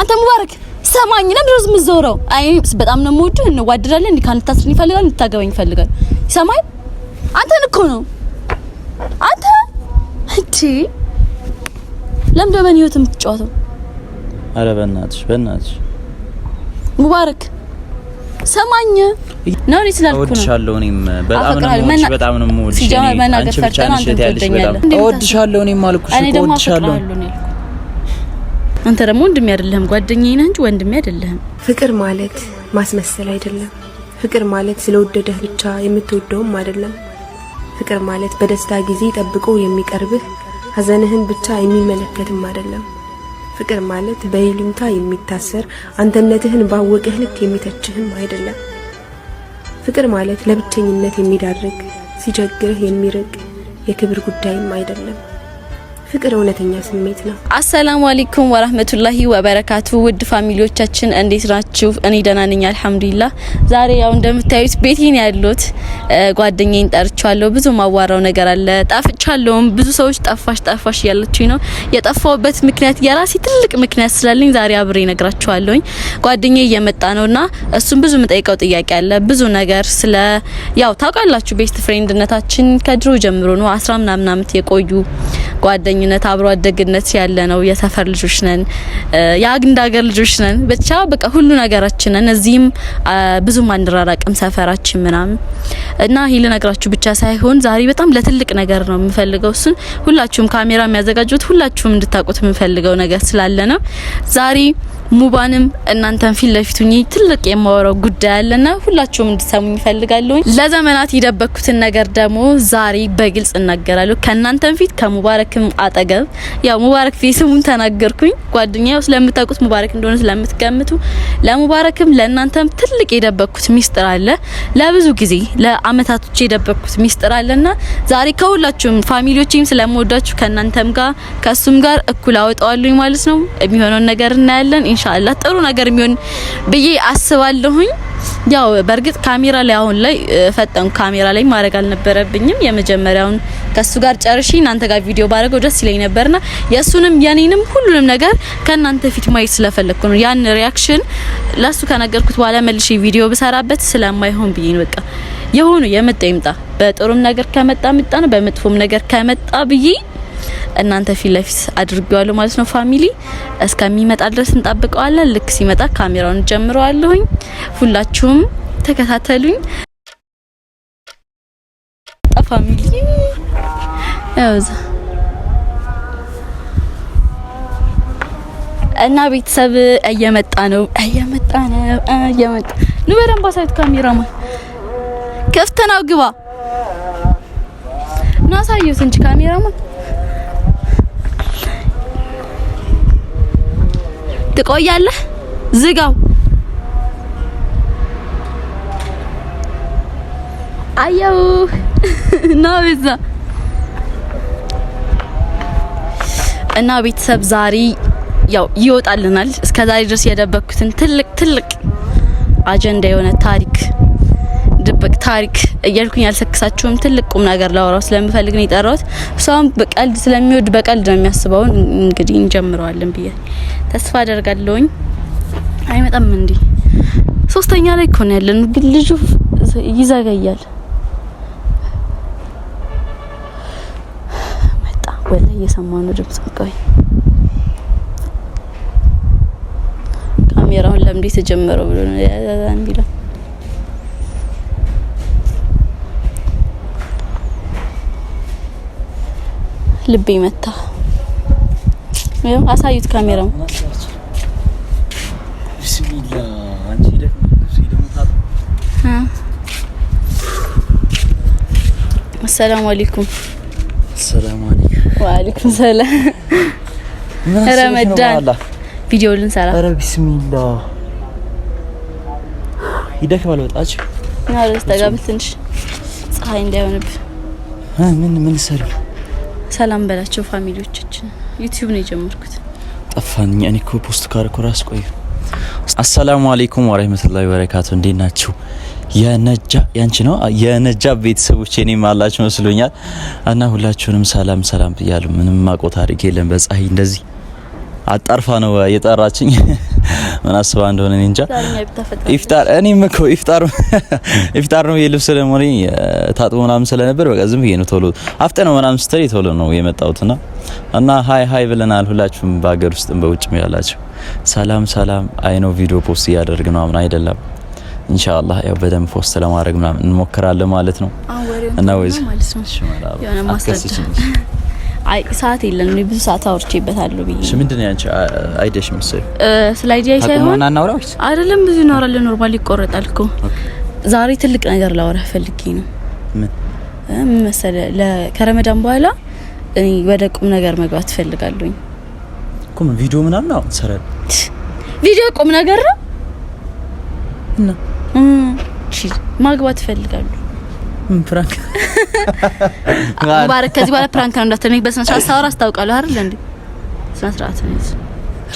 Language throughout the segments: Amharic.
አንተ ሙባረክ ሰማኝ። ለምን ድረስ የምትዞረው? አይ በጣም ነው የምወድህ፣ እንዋደዳለን። እንዲህ ካልታስርን ይፈልጋል፣ እንድታገባኝ ይፈልጋል። ይሰማል። አንተን እኮ ነው አንተ እንዴ! ለምን በእኔ ህይወት የምትጫወተው? አረ በእናትሽ በእናትሽ ሙባረክ ሰማኝ ነው እኔ ስላልኩ ነው። እኔም በጣም ነው የምወድሽ፣ በጣም ነው የምወድሽ። አንቺ ብቻ ነሽ ያለሽ። በጣም እወድሻለሁ። እኔም አልኩሽ እወድሻለሁ። አንተ ደግሞ ወንድሜ አይደለህም፣ ጓደኛዬ ነህ እንጂ ወንድሜ አይደለህም። ፍቅር ማለት ማስመሰል አይደለም። ፍቅር ማለት ስለወደደህ ብቻ የምትወደውም አይደለም። ፍቅር ማለት በደስታ ጊዜ ጠብቆ የሚቀርብህ ሀዘንህን ብቻ የሚመለከትም አይደለም። ፍቅር ማለት በይሉኝታ የሚታሰር አንተነትህን ባወቀህ ልክ የሚተችህም አይደለም። ፍቅር ማለት ለብቸኝነት የሚዳርግ ሲቸግርህ የሚርቅ የክብር ጉዳይም አይደለም። ፍቅር እውነተኛ ስሜት ነው። አሰላሙ አለይኩም ወራህመቱላሂ ወበረካቱ። ውድ ፋሚሊዎቻችን እንዴት ናችሁ? እኔ ደህና ነኝ አልሐምዱሊላህ። ዛሬ ያው እንደምታዩት ቤቴን ያሉት ጓደኛዬን ጠርቻለሁ። ብዙ ማዋራው ነገር አለ። ጠፍቻለሁም። ብዙ ሰዎች ጠፋሽ ጠፋሽ እያላችሁኝ ነው። የጠፋውበት ምክንያት የራሴ ትልቅ ምክንያት ስላለኝ ዛሬ አብሬ ነግራችኋለሁኝ። ጓደኛዬ እየመጣ ነውና እሱም ብዙ የምጠይቀው ጥያቄ አለ። ብዙ ነገር ስለ ያው ታውቃላችሁ ቤስት ፍሬንድነታችን ከድሮ ጀምሮ ነው። አስራ ምናምን አመት የቆዩ ጓደኛ ጓደኝነት አብሮ አደግነት ያለ ነው። የሰፈር ልጆች ነን፣ የአግንድ ሀገር ልጆች ነን። ብቻ በቃ ሁሉ ነገራችን ነን። እዚህም ብዙም አንራራቅም ሰፈራችን ምናምን እና ይህ ልነግራችሁ ብቻ ሳይሆን ዛሬ በጣም ለትልቅ ነገር ነው የምፈልገው። እሱን ሁላችሁም ካሜራ የሚያዘጋጁት ሁላችሁም እንድታውቁት የምፈልገው ነገር ስላለ ነው። ዛሬ ሙባንም እናንተን ፊት ለፊቱ ትልቅ የማወራው ጉዳይ አለና ሁላችሁም እንድሰሙኝ እፈልጋለሁ። ለዘመናት የደበኩትን ነገር ደግሞ ዛሬ በግልጽ እናገራለሁ ከእናንተን ፊት ከሙባረክም አጠገብ። ያው ሙባረክ ፊት ስሙን ተናገርኩኝ። ጓደኛዬ ስለምታውቁት ሙባረክ እንደሆነ ስለምትገምቱ ለሙባረክም ለእናንተም ትልቅ የደበኩት ሚስጥር አለ ለብዙ ጊዜ ለአመታቶች የደበቅኩት ሚስጥር አለና ዛሬ ከሁላችሁም ፋሚሊዎችም ስለምወዳችሁ ከእናንተም ጋር ከሱም ጋር እኩል አወጣዋለሁኝ ማለት ነው። የሚሆነውን ነገር እናያለን። ኢንሻአላህ ጥሩ ነገር የሚሆን ብዬ አስባለሁኝ። ያው በእርግጥ ካሜራ ላይ አሁን ላይ ፈጠንኩ። ካሜራ ላይ ማድረግ አልነበረብኝም። የመጀመሪያውን ከሱ ጋር ጨርሼ እናንተ ጋር ቪዲዮ ባደረገው ደስ ይለኝ ነበርና የሱንም የኔንም ሁሉንም ነገር ከእናንተ ፊት ማየት ስለፈለግኩ ነው። ያን ሪያክሽን ለሱ ከነገርኩት በኋላ መልሼ ቪዲዮ ብሰራበት ስለማይሆን ብዬ ነው በቃ የሆኑ የመጣ ይምጣ። በጥሩም ነገር ከመጣ ምጣ ነው፣ በመጥፎም ነገር ከመጣ ብዬ እናንተ ፊት ለፊት አድርጌዋለሁ ማለት ነው። ፋሚሊ እስከሚመጣ ድረስ እንጠብቀዋለን። ልክ ሲመጣ ካሜራውን ጀምረዋለሁኝ። ሁላችሁም ተከታተሉኝ። ፋሚሊ ያውዛ እና ቤተሰብ እየመጣ ነው፣ እየመጣ ነው፣ እየመጣ ነው። በደንብ አሳዩት ካሜራማን ከፍተናው ግባ ነው አሳየው እንጂ ካሜራማን ትቆያለህ። ዝጋው። አየው ነው እዛ እና ቤተሰብ ዛሬ ያው ይወጣልናል። እስከዛሬ ድረስ የደበኩትን ትልቅ ትልቅ አጀንዳ የሆነ ታሪክ በቃ ታሪክ እያልኩኝ ያልሰክሳችሁም ትልቅ ቁም ነገር ላወራው ስለምፈልግ ነው የጠራሁት። እሷም በቀልድ ስለሚወድ በቀልድ ነው የሚያስበውን እንግዲህ እንጀምረዋለን ብዬ ተስፋ አደርጋለሁኝ። አይመጣም እንዲህ ሶስተኛ ላይ እኮ ያለን፣ ግን ልጁ ይዘገያል። መጣ እየሰማ ነው ድምጽ ቆይ ካሜራውን ለምዴ ተጀመረው ብሎ ነው የሚለው ልቤ መታ። አሳዩት ካሜራው አሰላሙ አለይኩም። ሰላም ወአለይኩም ሰላም። ረመዳን ቪዲዮ ልንሰራ ኧረ ቢስሚላ ይደክማል። ወጣች ና ተጋብ ትንሽ ፀሐይ እንዳይሆንብ ምን ምን ሰሪው ሰላም በላቸው ፋሚሊዎቻችን። ዩቲዩብ ነው የጀመርኩት። ጠፋኝ። እኔ እኮ ፖስት ካረኩ ራስ ቆየ። አሰላሙ አለይኩም ወራህመቱላሂ ወበረካቱ። እንዴት ናችሁ? የነጃ ያንቺ ነው የነጃ ቤተሰቦች እኔም አላችሁ መስሎኛል። እና ሁላችሁንም ሰላም ሰላም ብያለሁ። ምንም ማቆ ታሪክ የለም። በፀሐይ እንደዚህ አጣርፋ ነው የጠራችኝ። ምን አስባ እንደሆነ እኔ እንጃ። ኢፍጣር እኔም እኮ ኢፍጣር ኢፍጣር ነው የልብስ ለሞሪ እኔ ታጥቦ ምናምን ስለነበር በቃ ዝም ብዬ ነው ቶሎ አፍጠ ነው ምናምን ስትል ቶሎ ነው የመጣሁትና እና ሀይ ሀይ ብለናል። ሁላችሁም በሀገር ውስጥም በውጭም ያላችሁ ሰላም ሰላም። አይ ነው ቪዲዮ ፖስት ነው ምናምን አይደለም። ኢንሻአላህ ያው በደንብ ፖስት ለማድረግ ምናምን እንሞክራለን ማለት ነው እና ወይስ አይ ሰዓት የለም። እኔ ብዙ ሰዓት አውርቼበታለሁ ብዬ። እሺ ምንድን ነው ያንቺ አይዲያሽ? ምሳሌ ስለ አይዲያ ሳይሆን አይደለም፣ ብዙ እናወራለን። ኖርማል ይቆረጣል እኮ። ዛሬ ትልቅ ነገር ላወራህ ፈልጌ ነው። ምን ምን መሰለህ፣ ከረመዳን በኋላ እኔ ወደ ቁም ነገር መግባት ፈልጋለሁኝ። ቁም ቪዲዮ ምናምን አሁን ሰራል። ቪዲዮ ቁም ነገር ነው እና ማግባት ፈልጋለሁ ፕራንክ ሙባረክ፣ ከዚህ በኋላ ፕራንክ ነው እንዳትለኝ። በስነ ስርዓት ሳወራ አስታውቃለሁ አይደል እንዴ? ስነ ስርዓት ነው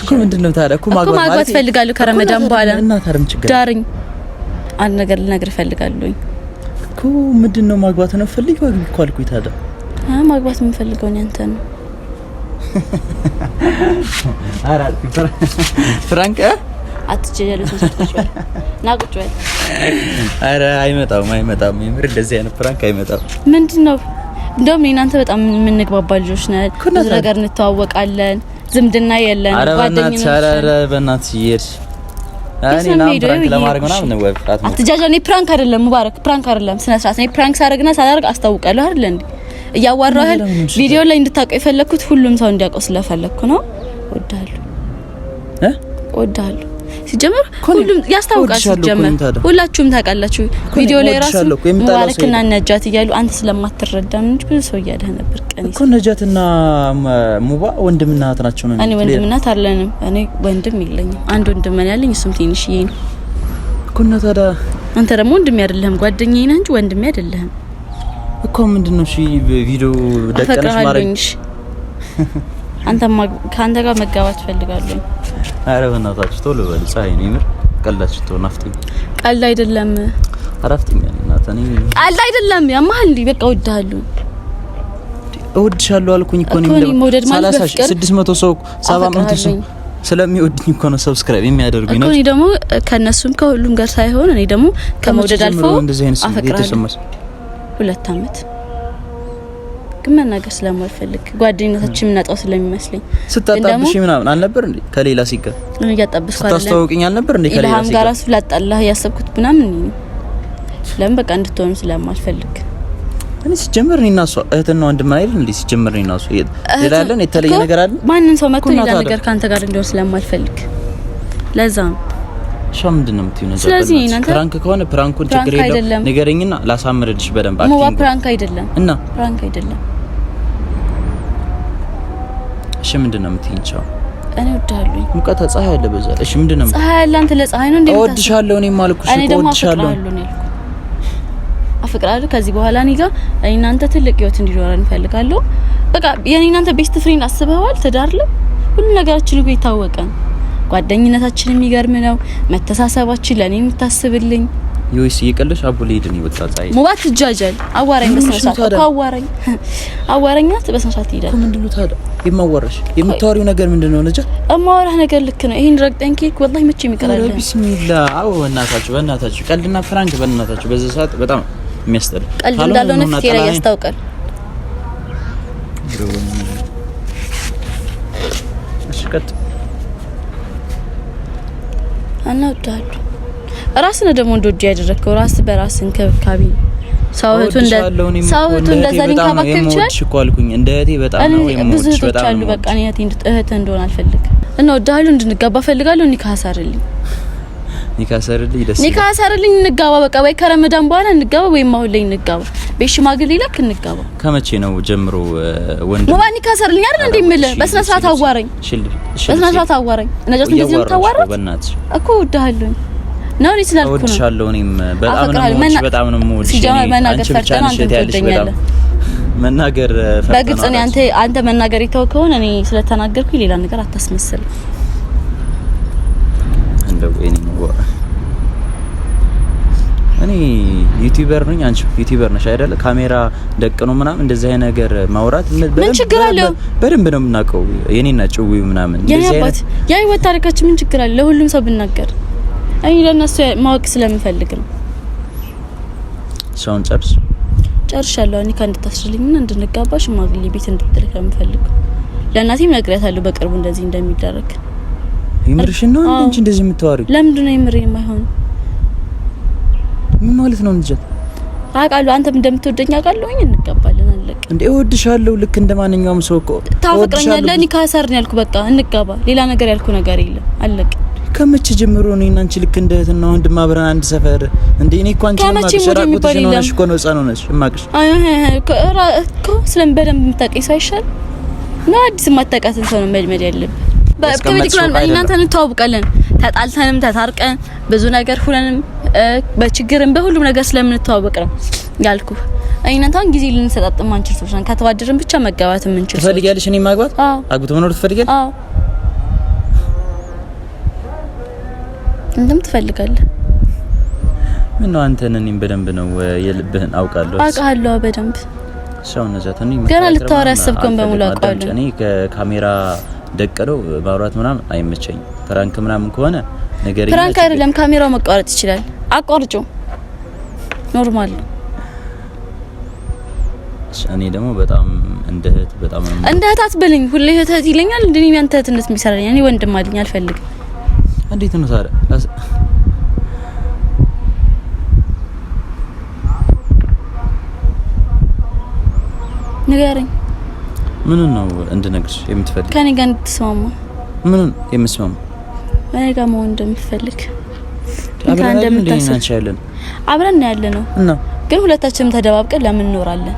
እኮ። ምንድን ነው ታዲያ? እኮ ማግባት እፈልጋለሁ ከረመዳን በኋላ ዳርኝ። አንድ ነገር ልነግርህ እፈልጋለሁ እኮ። ምንድን ነው ማግባት ነው ፈልግ ወግብ እኮ አልኩኝ። ታዲያ አይ ማግባት የምፈልገው እኔ አንተ ነው። ፕራንክ አትችል ና አረ አይመጣም፣ አይመጣም። የምር እንደዚህ አይነት ፕራንክ አይመጣም። ምንድን ነው እንደውም እናንተ በጣም የምንግባባ ልጆች ነን። ብዙ ነገር እንተዋወቃለን። ዝምድና የለን። አረ በእናትሽ፣ አረ በእናትሽ ይሄድ አትጃጃ። እኔ ፕራንክ አይደለም ሙባረክ፣ ፕራንክ አይደለም ስነ ስርዓት። እኔ ፕራንክ ሳደርግና ሳላደርግ አስታውቃለሁ አይደል እንዴ? እያዋራሁ ያህል ቪዲዮ ላይ እንድታውቀው የፈለግኩት ሁሉም ሰው እንዲያውቀው ስለፈለግኩ ነው። ወዳሉ እ ወዳሉ ሲጀመር ሁሉም ያስታውቃል። ሲጀመር ሁላችሁም ታውቃላችሁ። ቪዲዮ ላይ ራሱ ሙባረክና ነጃት እያሉ አንተ ስለማትረዳ ነው እንጂ ብዙ ሰው እያለህ ነበር። ቀን እኮ ነጃትና ሙባ ወንድምና እህት ናቸው ነው። እኔ ወንድምና እህት አለንም። እኔ ወንድም የለኝም። አንድ ወንድም ነው ያለኝ፣ እሱም ትንሽዬ ነው እኮ እና ታዲያ አንተ ደግሞ ወንድሜ አይደለህም፣ ጓደኛዬ ነህ እንጂ ወንድሜ አይደለህም እኮ ምንድነው? እሺ ቪዲዮ ደቀነሽ ማረኝ አንተ ከአንተ ጋር መጋባት እፈልጋለሁ። ኧረ በእናታችሁ ቶሎ በል ፀሐይ ነው የምር ቀላችሁ ተው ናፍጥኝ። ቀልድ አይደለም አራፍጥኛል እናት እኔ ቀልድ አይደለም ያማል እንዴ በቃ እወድሃለሁ እወድሻለሁ አልኩኝ እኮ ነው የሚወደድ ማለት በፍቅር 600 ሰው 700 ሰው ስለሚወድኝ እኮ ነው ሰብስክራይብ የሚያደርጉኝ ነው። እኔ ደግሞ ከነሱም ከሁሉም ጋር ሳይሆን እኔ ደግሞ ከመውደድ አልፎ አፈቅራለሁ። ሁለት አመት ግን መናገር ስለማልፈልግ ጓደኝነታችን የምናጣው ስለሚመስለኝ ስታጣብሽ ምናምን አልነበር እንዴ? ከሌላ ሲቀር እያጣብሽ ስታስተዋውቅኝ አልነበር እንዴ? ከሌላ ሲቀር ጋር ራሱ ላጣላህ እያሰብኩት ምናምን ለምን በቃ እንድትሆኑ ስለማልፈልግ እኔ ሲጀምር እኔና እሷ እህትና ወንድም አይደል እንዴ? ሲጀምር እኔና እሷ ሌላ ያለን የተለየ ነገር አለ። ማንም ሰው መጥቶ ሌላ ነገር ካንተ ጋር እንዲሆን ስለማልፈልግ ለዛ ነው። እሷ ምንድን ነው የምትይው ነገር? ስለዚህ እናንተ ፕራንክ ከሆነ ፕራንኩን ችግር የለውም ንገረኝና ላሳምርልሽ በደንብ። አክቲንግ ነው። ፕራንክ አይደለም እና ፕራንክ አይደለም እሺ ምንድን ነው የምትይኝ? ቻው። እኔ እወድሃለሁ። ሙቀት ፀሐይ አለ በዛ። እሺ ምንድን ነው ፀሐይ አለ? አንተ ለፀሐይ ነው እንዴ? እወድሻለሁ። እኔ ማልኩሽ እወድሻለሁ። አፍቅራለሁ። ከዚህ በኋላ እኔ ጋር እኔ እናንተ ትልቅ ህይወት እንዲኖረን እንፈልጋለሁ። በቃ የኔ እናንተ ቤስት ፍሬንድ አስበዋል። ትዳር ላይ ሁሉ ነገራችን እኮ የታወቀ ጓደኝነታችን የሚገርም ነው። መተሳሰባችን ለኔ የምታስብልኝ ዮይስ እየቀለሽ አቦ ሊሄድ ነው ወጣ ፀሐይ ሙባት ትጃጃል። አዋራኝ በስነሳት አዋራኝ አዋራኛት በስነሳት ይሄዳል። ምንድነው ታዲያ የማወራሽ የምታወሪው ነገር ምንድን ነው? ነጃ የማወራህ ነገር ልክ ነው። ይሄን ረግጠን ኬክ ወላሂ መቼ የሚቀራል? ቢስሚላ። አዎ፣ በእናታችሁ በእናታችሁ፣ ቀልድና ፍራንክ በእናታችሁ፣ በዚህ ሰዓት በጣም የሚያስጠላ ቀልድ እንዳልሆነ ፊቴ ላይ ያስታውቃል። እና ወዳጁ ራስህ ነው ደግሞ እንደወዲህ ያደረግከው ራስህ በራስህ እንክብካቤ ሰው እህቱ እንደ ሰው እህቱ እንደዛ ሊንከባከብ ይችላል እኮ አልኩኝ። እንደ እህቴ በጣም ነው የምወድሽ። ብዙ እህቶች አሉ። በቃ እኔ እህቴ እህት እንደሆነ አልፈልግ እና ወዳለሁ እንድንጋባ ፈልጋለሁ። ኒካ አሰርልኝ፣ ኒካ አሰርልኝ፣ ደስ ኒካ አሰርልኝ፣ እንጋባ። በቃ ወይ ከረመዳን በኋላ እንጋባ፣ ወይም አሁን ላይ እንጋባ። ቤት ሽማግሌ ላክ እንጋባ። ከመቼ ነው ጀምሮ ወንድ ሙባ ኒካ አሰርልኝ አይደል እንዴ? ምለ በስነ ስርዓት አዋራኝ፣ በስነ ስርዓት አዋራኝ። ነጃት እንደዚህ ነው ታዋራኝ እኮ ወዳለሁ ነው እኔ ስላልኩ ነው። እወድሻለሁ። እኔም በጣም ነው የምወድሽ፣ በጣም ነው የምወድሽ። ሲጀመር መናገር ፈርተን አንተ ትወደኛለህ። መናገር ፈርተን በግልጽ እኔ አንተ አንተ መናገር ይተው ከሆነ እኔ ስለተናገርኩ ሌላ ነገር አታስመስል። እንደው እኔ ነው እኔ ዩቲዩበር ነኝ፣ አንቺ ዩቲዩበር ነሽ አይደለ? ካሜራ ነው ምናምን እንደዚህ አይነት ነገር ማውራት ምን ችግር አለው? በደንብ ነው የምናውቀው። የኔና ጭዊ ምናምን እንደዚህ አይነት ያ ህይወት ታሪካችን ምን ችግር አለ? ለሁሉም ሰው ብናገር እኔ ለነሱ ማወቅ ስለምፈልግ ነው። ሰውን ጨርስ ጨርሻለሁ። እኔ እንድታስችልኝና እንድንጋባ ሽማግሌ ቤት እንድትልክ ለምፈልግ ለእናቴም ነግሬያታለሁ በቅርቡ እንደዚህ እንደሚደረግ። ይምርሽ ነው እንዴ? እንደዚህ የምታወሪው ለምንድን ነው? ይምር የማይሆን ምን ማለት ነው? እንጀት አውቃለሁ። አንተም እንደምትወደኝ ወይ እንጋባለን። አለቀ እንዴ? እወድሻለሁ። ልክ እንደ ማንኛውም ሰው እኮ ታፈቅረኛለህ። ኒካ ሳርን ያልኩ በቃ እንጋባ። ሌላ ነገር ያልኩ ነገር የለም። አለቀ ከመቼ ጀምሮ ነው እናንቺ ልክ እንደ እህትና ወንድም አብረን አንድ ሰፈር እንዴ? እኔ እኮ አንቺ ነው ተዋውቃለን። ተጣልተንም ተታርቀን ብዙ ነገር ሁለንም በችግርም በሁሉም ነገር ስለምንተዋወቅ ነው ያልኩ። እናንተ አሁን ጊዜ ልንሰጣጥ ማንችል ሰዎች ነን። ከተዋደርን ብቻ መጋባት የምንችል ትፈልጊያለሽ? እኔ ማግባት አግብቶ መኖር ትፈልጊያለሽ? እንደም ትፈልጋለህ? ምን ነው አንተን እኔም በደንብ ነው የልብህን አውቃለሁ። አውቃለሁ በደንብ ሰው ነዛት ነው ገና ልታወራ ያሰብከውን በሙሉ አውቃለሁ። እኔ ከካሜራ ደቀለው ማውራት ምናምን አይመቸኝም። ፕራንክ ምናምን ከሆነ ነገር ፕራንክ አይደለም፣ ካሜራው መቋረጥ ይችላል። አቋርጮ ኖርማል እኔ ደግሞ በጣም እንደ እህት በጣም እንደ እህት አትበለኝ። ሁሌ እህት ይለኛል። እንደኔ ያንተ እህትነት የሚሰራኝ እኔ ወንድም አለኝ አልፈልግም እንዴት ነው ታዲያ? ንገረኝ። ምን ነው እንድነግርሽ የምትፈልግ? ከኔ ጋር እንድትስማማ። ምን የምትስማማ? እኔ ጋር መሆን እንደምትፈልግ አብረን እንደምታስብ አብረን ነው ያለ ነው እና ግን ሁለታችንም ተደባብቀን ለምን እንኖራለን?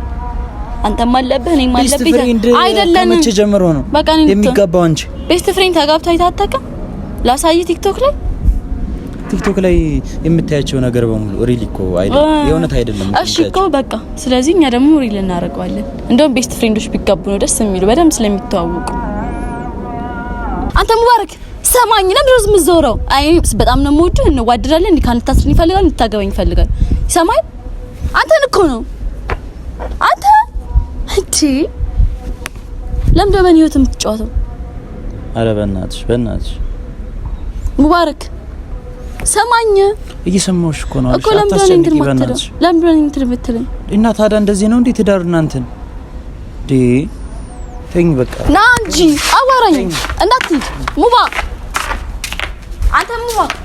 አንተም አለብህ እኔም አለብኝ። አይደለም ጀምሮ ነው በቃ የሚጋባው እንጂ ቤስት ፍሬንድ ተጋብቶ አይታጠቅም ላሳይ ቲክቶክ ላይ ቲክቶክ ላይ የምታያቸው ነገር በሙሉ ሪል እኮ አይደለም፣ የእውነት አይደለም። እሺ እኮ በቃ ስለዚህ እኛ ደግሞ ሪል እናደርገዋለን። እንደውም ቤስት ፍሬንዶች ቢጋቡ ነው ደስ የሚሉ በደንብ ስለሚተዋወቁ። አንተ ሙባረክ ሰማኝ ለምን ነው ድረስ የምትዞረው? አይ በጣም ነው የምወድህ፣ እንዋደዳለን። እንዲህ ካልታስረኝ ይፈልጋል፣ እንድታገባኝ ይፈልጋል። ሰማይ አንተን እኮ ነው አንተ እቺ ለምን ደመን ህይወት የምትጫወተው? አረ በእናትሽ በእናትሽ ሙባረክ ሰማኝ። እየሰማሁሽ እኮ ነው እኮ። ለምንድን ነው እንትን የምትለኝ? እና ታዲያ እንደዚህ ነው እንዴ ትዳር? እናንተን ዲ ተኝ፣ በቃ ና እንጂ አዋራኝ። እንዳትሂድ ሙባ፣ አንተ ሙባ